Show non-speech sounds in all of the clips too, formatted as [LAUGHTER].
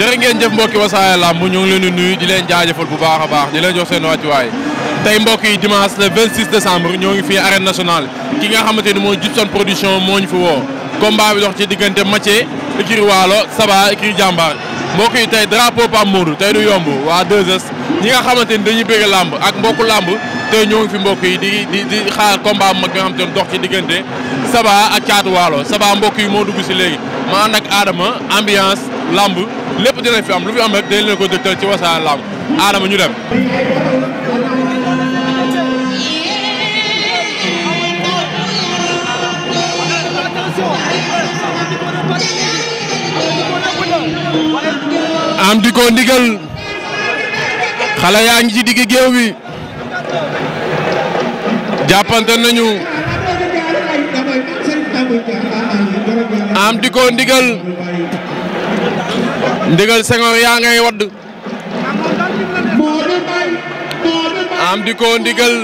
jërë ngeen jëf mbokki Wassare Lamb ñu ngi leen di nuyu di leen jaajëfal bu baax baax di leen jox seen wàccuwaay tey mbokk yi dimanche le 26 décembre ñoo ngi fii arène nationale ki nga xamante ni mooy Djibson production moo ñu fi woo combat bi dox ci diggante Mathieu écurie Waalo Saba écurie Jàmbaar mbokk yi tey drapeau Pape Modou tey du yomb waa 2S ñi nga xamante ni dañuy bëgg làmb ak mbokku lamb tey ñoo ngi fi mbokk yi di di di xaar combat mag nga xamante ni dox ci diggante Saba ak Caatu Waalo Saba mbokk yi moo dugg si léegi ma ànd ak Adama ambiance lamb lépp dina fi am lu fi am rek leen ko dëgtal ci Wassare Lamb Adama ñu dem. am di ko ndigal xale yaa ngi ci digg géew bi jàppante nañu. am di ko ndigal ndigal Senghor yaa ngay wadd am di ko ndigal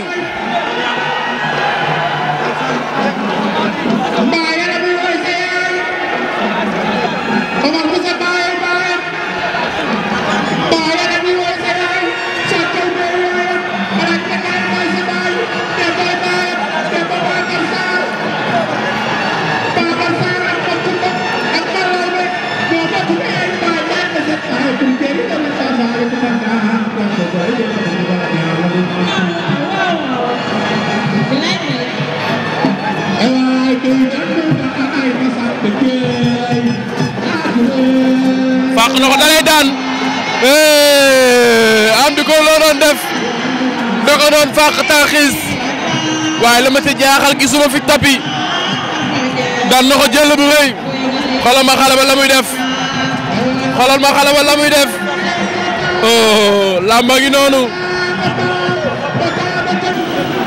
fàq na ko da lay daan am di ko loo doon def da ko doon fàq waaye la ma ci jaaxal gisuma fi tapi daan na ko jël bu ma xale ba muy def xoolal ma xale ba la muy def oh noonu.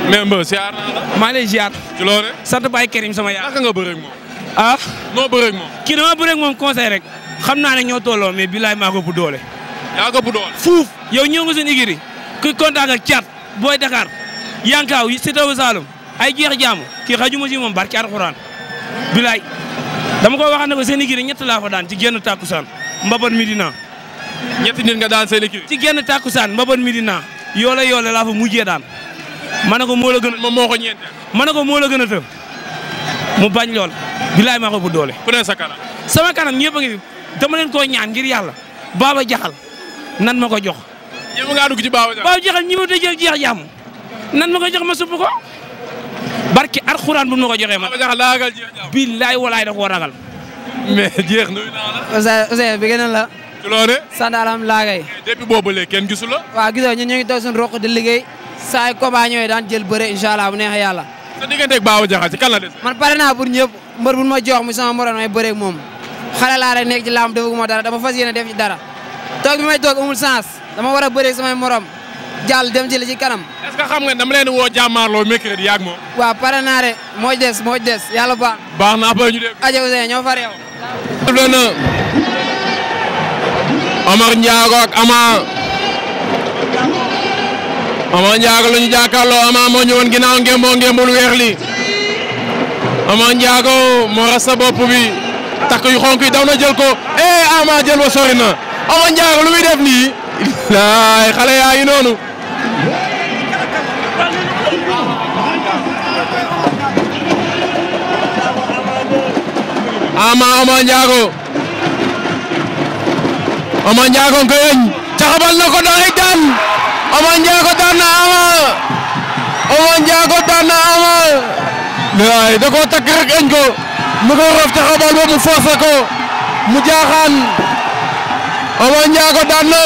mais Mbeu ziar naa la. maa ngi lay ziar. sant Baye Karim sama yaay. nga bëree ak ah. noo bëreeg moom. kii dama bëreeg rek. xam naa ne ñoo tolloo mais bilaay maa ko bu doole. yaa ko bu doole. fuuf yow ñëw nga seen igiri. ku kontaan ak caat booy Dakar. yankaaw si tawu Saalum. ay jeex jaamu kii xajuma si moom barki alxuraan. bilaay dama ko waxaan ne ko seen igiri ñett laa fa daan ci genn tàkkusaan mbaban Medina. ñetti nit nga daan seen igiri. ci genn tàkkusaan mbaban Medina. yoola yoola laa fa mujjee daan. ma ne ko moo la gën a. moom moo ko ñeent. ma ne ko moo la gën a tëb mu bañ lool. bilaay maa ko bu doole. ku ne sama kanam ñëpp a ngi fi dama leen koo ñaan ngir yàlla baaba jaxal nan ma ko jox. ñëpp ngaa dugg ci baaba jaxal. baaba jaxal ñi ma doon jël jeex jàmm nan ma ko jox ma supp ko barki alxuraan bu ma ko joxee ma. baaba jaxal daa walaay da koo ragal. mais jeex nuyu naa la. Ousseyn bi gën la. ci loone sant alhamdulilah kay. depuis boobu la. waaw gisoo ñun ñu ngi toog suñu roq di liggéey. saa yu combat ñooy daan jël bëre incha allah bu neexee yàlla. man pare naa pour ñëpp. mbër bu ma jox mu sama morom may bëreeg moom xale laa rek nekk ci làmb defaguma dara dama fas yéene def ci dara toog bi may toog amul sens dama war a bëreeg samay morom jàll dem ci li ci kanam. est-ce que xam nga dama leen woo jàmmaarloo mercredi yaag moom. waaw pare naa moo des moo des yàlla baax. baax na après ñu dégg. Adja Ousseyn ñoo far yow. Omar Ama Omar Ndiago la ñu jàkkaarloo Ama moo ñëwoon ginnaaw ngeen moo ngeen bul weex li Ama Ndiago moo bi takk yu xonk yi daw na jël ko eh Ama jël lu muy def nii. [LAUGHS] laay xale yaa ngi noonu. Ama Ama Ndiago. Ama Ndiago na ko doole daan. Ama Ndiago daan na Ama. Ama waaye da koo takk rek añ ko mu ko ca xabal ba mu ko mu jaaxaan Omar Ndiago daan na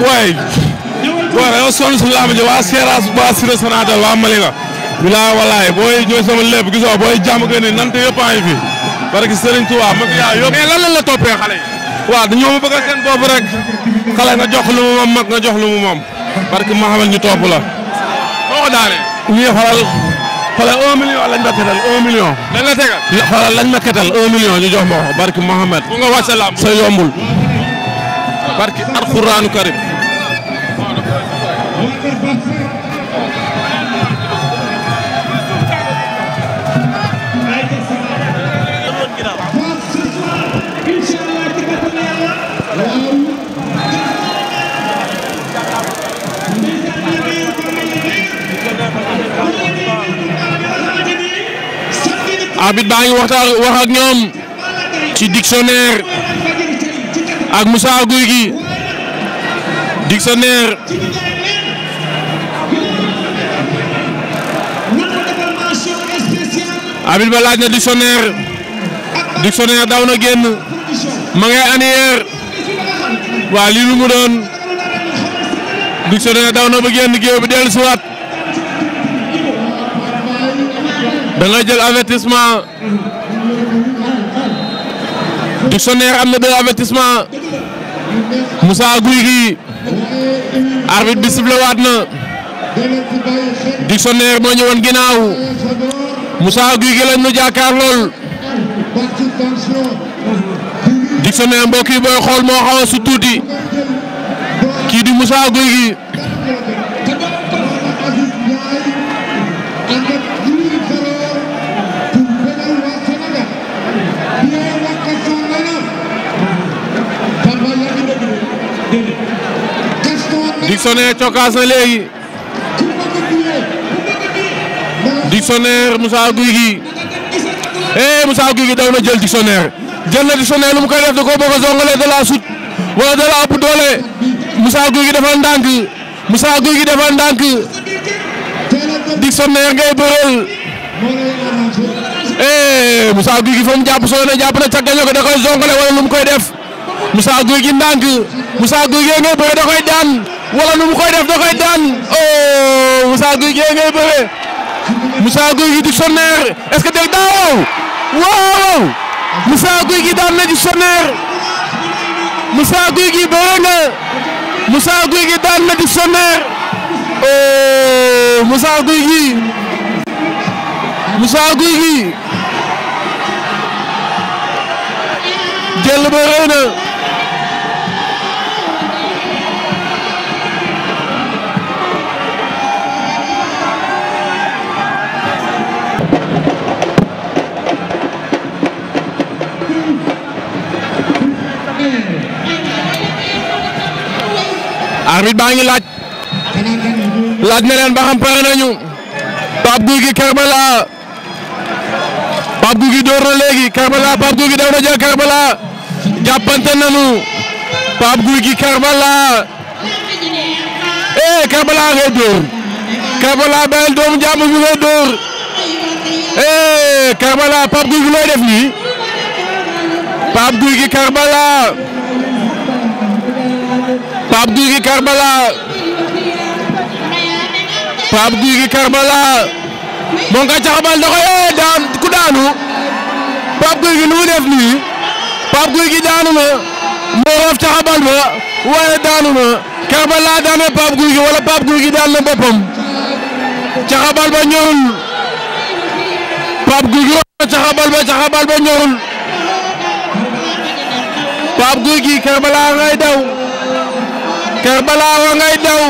waaye boo dañoo sonn suñu làmb ji waa Seras waa Sire Sonatel waa Malika. bilaay walaay booy ñooy sama lépp gisoo booy jàmm gën a nante fi. parce que Serigne Touba mag yaa yóbbu. mais lan lan xale yi. waaw dañoo ma bëgg seen bopp rek xale nga jox lu mu moom nga jox lu mu moom. parce que ñu topp la. boo ko daanee. ñuy xoolal xoolal 1 million ma ketal 1 million. lañ la tegal xoolal lañ jox ma barki Mouhamed. bu yombul. barki alxuraanu karim. arbitre baa ngi waxtaan wax ak ñoom ci dictionnaire ak Moussa Guy gi dictionnaire arbitre ba laaj na dictionnaire dictionnaire daw na génn ma ngay annière waa lii lu mu doon dictionnaire daw na ba génn géew bi dellusiwaat da nga jël avertissement dictionnaire am na deux avertissement Moussa Gouye gi arbitre bi sifflé waat na dictionnaire moo ñëwoon ginnaaw Moussa Gouye Gui lañ ñu jàkkaar lool dictionnaire mbokk yi booy xool moo xaw su tuuti kii di Moussa Gouye Gui Dictionnaire cokaas na léegi Dictionnaire Moussa Gouy Gui eh Moussa Gouy Gui daw na jël Dictionnaire jël na Dictionnaire lu mu koy def da koo a zongalee da laa sut wala da laa doole Moussa Gouy Gui defal ndànk Moussa Gouy Gui defal ndànk Dictionnaire ngay bëreel eh jàpp soo ne jàpp na ca gaño ko da koy wala lu mu koy def Moussa Gouy Gui ndànk Moussa Gouy Gui ngay bëre da koy wala nu mu koy def da daan oh Moussa Gueye gee ngay bëree Moussa gi di Dictionnaire est-ce que dégg daa waaw waaw Moussa Gueye gi daan na Dictionnaire Moussa gi bëree nga Moussa gi daan na Dictionnaire oh Moussa gi Moussa gi jël ba na. arbitre baa ngi laaj laaj na leen ba xam pare nañu Pape Gouye Gui Karbala Pape Gouye Gui door na léegi Karbala Pape Gouye Gui daw na jël Karbala jàppante nañu Pape Gouye eh, doomu jàmm bi ngay door eh Karbala Pape Gouye Gui looy def nii Pape Gouye Gui Pape Gouy Gui Karbala Pape Gouy Gui Karbala moo ngi ko caxabal da koy yee daan ku daanu Pape Gouy Gui nu mu def nii Pape Gouy daanu na moo roof caxabal ma waaye daanu na Karbala daan na Pape Gouy Gui wala Pape Gouy Gui daan na boppam caxabal ba ñorul Pape Gouy Gui wala caxabal ba caxabal ba ñorul Pape Gouy Gui Karbala ngay daw. Karbala wa ngay daw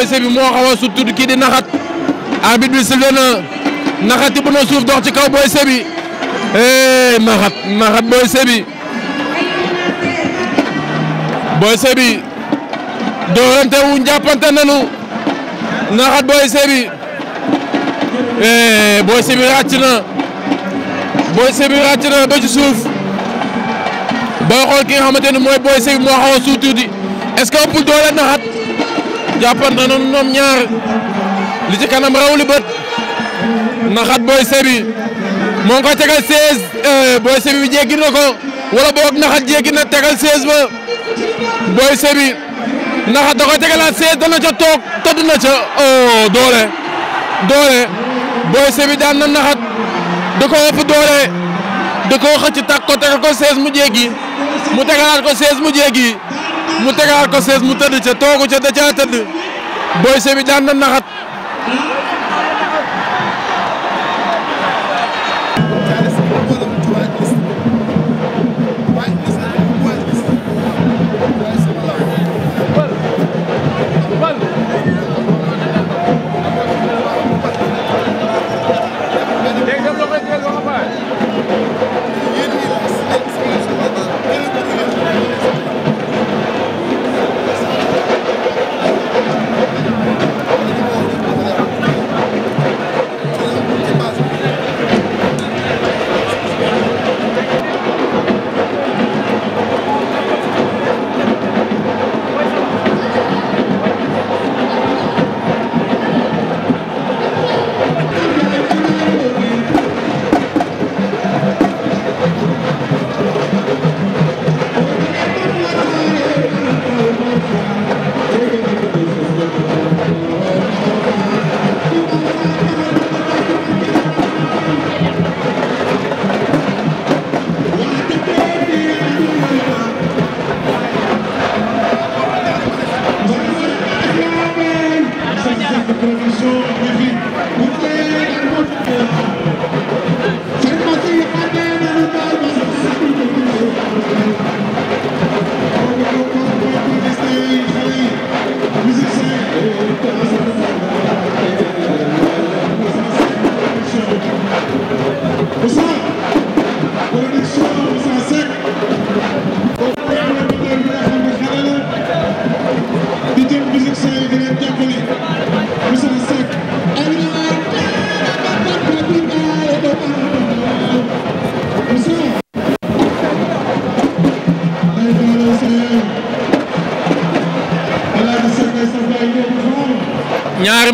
AVC bi moo xaw a su tudd kii di naxat arbitre bi sifflé na naxat tibb na suuf dox ci kaw eh, naxat naxat Boy Sébi Boy Sébi doorante eh, na Boy Sébi ràcc na ba suuf booy xool ki nga xamante ni mooy Boy Sébi moo xaw a su tuuti est-ce que ëppul naxat jàppante na ñoom ñaar li ci kanam bët naxat Boy Sébi moo ko tegal 16 euh, Boy Sébi jéggi na ko wala boog naxat jéggi na tegal 16 ba Boy Sébi naxat da ko tegalaat 16 dana ca toog tëdd na ca oh doole doole Boy Sébi daan na naxat da ko ëpp doole da koo xëcc tàkk tegal ko 16 mu jéggi mu tegalaat ko 16 mu jéggi. mu tegaat ko sees mu tëdd ca toogu ca da caa tëdd Boy daan na naxat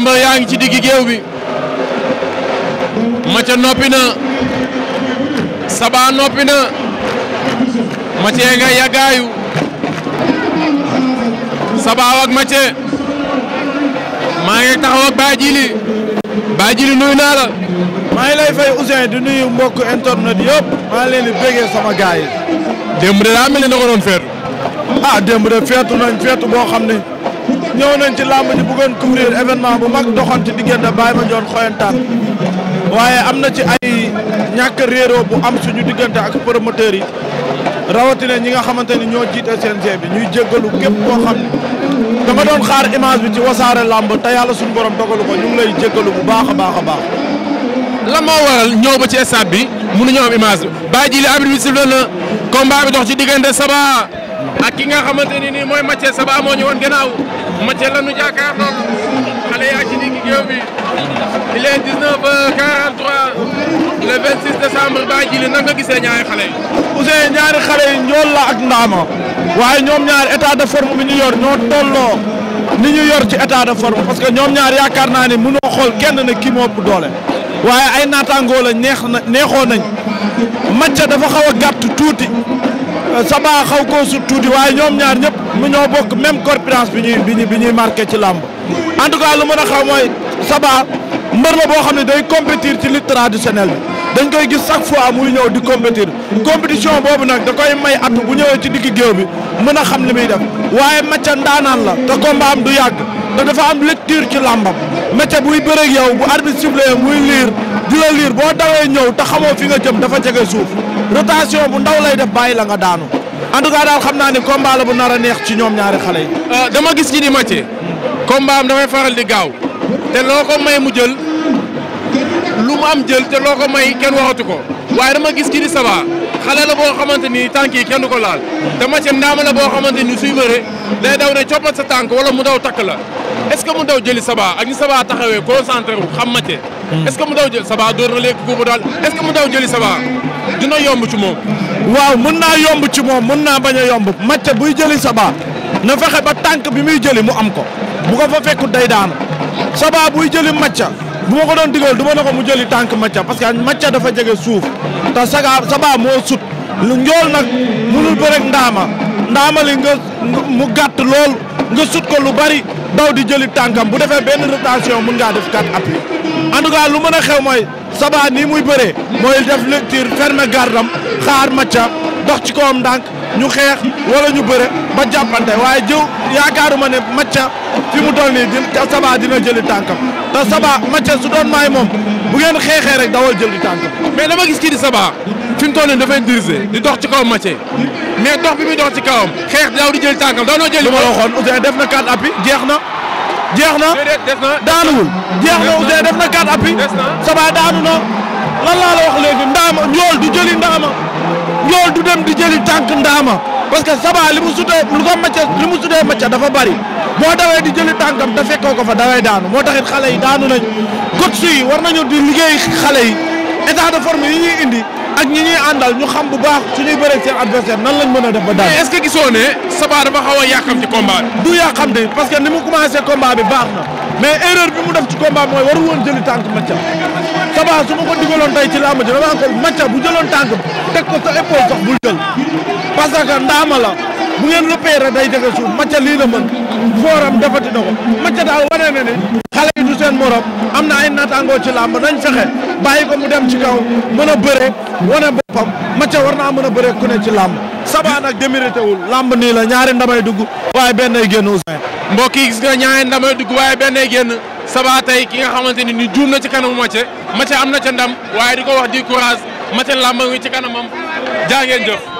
mbër yaa ngi ci diggi géew bi Mathia noppi na Saba noppi na Mathia nga yàggaayu Saba maa ngi taxaw ak Baye Djili Baye Djili naa la. maa ngi lay fay Ousseyn di nuyu mbokk internet yëpp maa ngi leen di bégee sama gaay yi. démb de daa mel ni na ko doon feetu. ah démb de feetu nañ feetu boo xam ne. ñëw nañ ci làmb ji bëggoon couvrir événement bu mag doxoon ci diggante Baye ñoon Xoyantaan waaye am na ci ay ñàkk réeroo bu am suñu diggante ak promoteurs yi rawatina ñi nga xamante ni ñoo jiite CNG bi ñuy jéggalu képp koo xam dama doon xaar image bi ci wasaare làmb te yàlla suñu borom dogalu ko ñu ngi lay jéggalu bu baax a baax a baax. lan moo waral ñëw ba ci stade bi mënuñu am image bi bàyyi ji li arbitre bi sifflé na combat bi dox ci diggante Saba a ki nga xamante ni nii mooy Mathieu Saba moo ñu woon gannaaw. Mathieu la nu jaakaar noonu xale yaa ci digg géew bi il est 19h43 le 26 décembre Baye Djily nan nga gisee ñaari xale yi. Ousseyn ñaari xale yi ñool la ak ndaama waaye ñoom ñaari état de forme bi ñu yor ñoo tolloo ni ñu yor ci état de forme parce que ñoom ñaar yaakaar naa ne mënoo xool kenn na kii moo doole waaye ay naataangoo la neex na neexoo nañ Mathieu dafa xaw a gàtt tuuti. Saba xaw koo sut tuuti waaye ñoom ñaar ñëpp mu ñoo bokk même corpulence bi ñuy bi ñuy bi ñuy ci làmb en lu mën a xaw mooy Saba mbër la boo xam ne day compétir ci lutte traditionnelle bi dañ koy gis chaque fois muy ñëw di compétir compétition boobu nag da koy may at bu ñëwee ci digg géew bi mën a xam li muy def waaye macca ndaanaan la te combat am du yàgg te dafa am lecture ci làmbam métier buy bëreeg yow bu arbitre sifflé muy liir di la liir boo dawee ñëw te xamoo fi nga jëm dafa jege suuf rotation bu ndaw lay def bàyyi la nga daanu en tout cas daal xam naa ni combat la bu nar a neex ci ñoom ñaari xale yi. Euh, dama gis ci ni métier. combat am dafay faral di gaaw. te loo ko may mu jël lu mu am jël te loo ko may kenn waxatu ko. waaye dama gis ki di Saba xale la boo xamante ni tànk yi kenn ko laal. dama ci ndaama la boo xamante ni suy bëree day daw ne sa tànk wala mu daw takk la. est-ce que mu daw jëli Saba ak ñu Saba taxawee concentré xam ma hmm. ci que mu daw jëli Saba door na léegi guubu daal est-ce que mu daw jëli Saba dina yomb ci moom. waaw mën naa yomb ci moom mën naa bañ a yomb Mathia buy jëli Saba na fexe ba tànk bi muy jëli mu am ko bu ko fa fekkut day daanu Saba buy jëli Mathia bu ma ko doon digal du ma ne ko mu jëli tànk Mathia parce que Mathia dafa jege suuf te Saba Saba moo sut lu njool nag mënul bëreeg ndaama ndaama li nga daw di jëli tànkam bu defee benn rotation mën ngaa def quatre appui en tout lu mën a xew mooy Saba nii muy bëree mooy def lecture ferme gardam xaar macca dox ci kawam ndànk ñu xeex wala ñu bëre ba jàppante waaye jëw yaakaaruma ne Macha fi mu toll nii di Saba dina jëli tànkam te Saba Macha su doon maay moom bu ngeen xeexee rek dawal jëli tànkam. mais dama gis ci di Saba fi mu toll nii dafay diriger di dox ci kawam Macha mais dox bi muy dox ci kawam xeex daaw di jëli tànkam daanoo jëli. li ma la waxoon Ousseyn def na quatre appuis jeex na. jeex na daanuwul jeex na Ousseyn def na quatre appuis Saba daanu na. lan laa la wax léegi ndaama njool du jëli ndaama njool du dem di jëli tànk ndaama parce que Saba li mu sutee lu ko macca li mu sutee macca dafa bari boo dawee di jëli tànkam te fekkoo ko fa dawee daanu moo taxit xale yi daanu nañ coach yi war nañu di liggéey xale yi état de forme yi ñuy indi ak ñi ñuy àndal ñu xam bu baax suñuy bëreeg seen adversaire nan lañ mën a def ba daan. mais est-ce gisoo ne Saba dafa xaw a yàqam ci combat bi. du yàqam de parce que ni mu commencé combat bi baax na mais erreur bi mu def ci combat mooy waru jëli tànk Macha. Saba su ma ko digaloon tey ci làmb ji dama ko Macha bu jëloon tànk teg ko sa épaule sax bul jël parce que ndaama la bu ngeen repérer day jege suuf Macha lii la mën fooram defati na ko Macha daal wane seen morom am na ay naataangoo ci làmb nañ fexe bàyyi ko mu dem ci kaw mën a bëre wane boppam macha war naa mën a bëre ku ci làmb Saba nag démérité wul làmb la ñaari ndamay dugg waaye benn ay génn Ousmane mbokk yi gis nga ñaari ndamay dugg waaye benn ay génn Saba tey ki nga xamante ni ni juum na ci kanamu Mathieu Mathieu am na ca ndam waaye di ko wax di courage Mathieu làmb ngi ci kanamam jaa ngeen jëf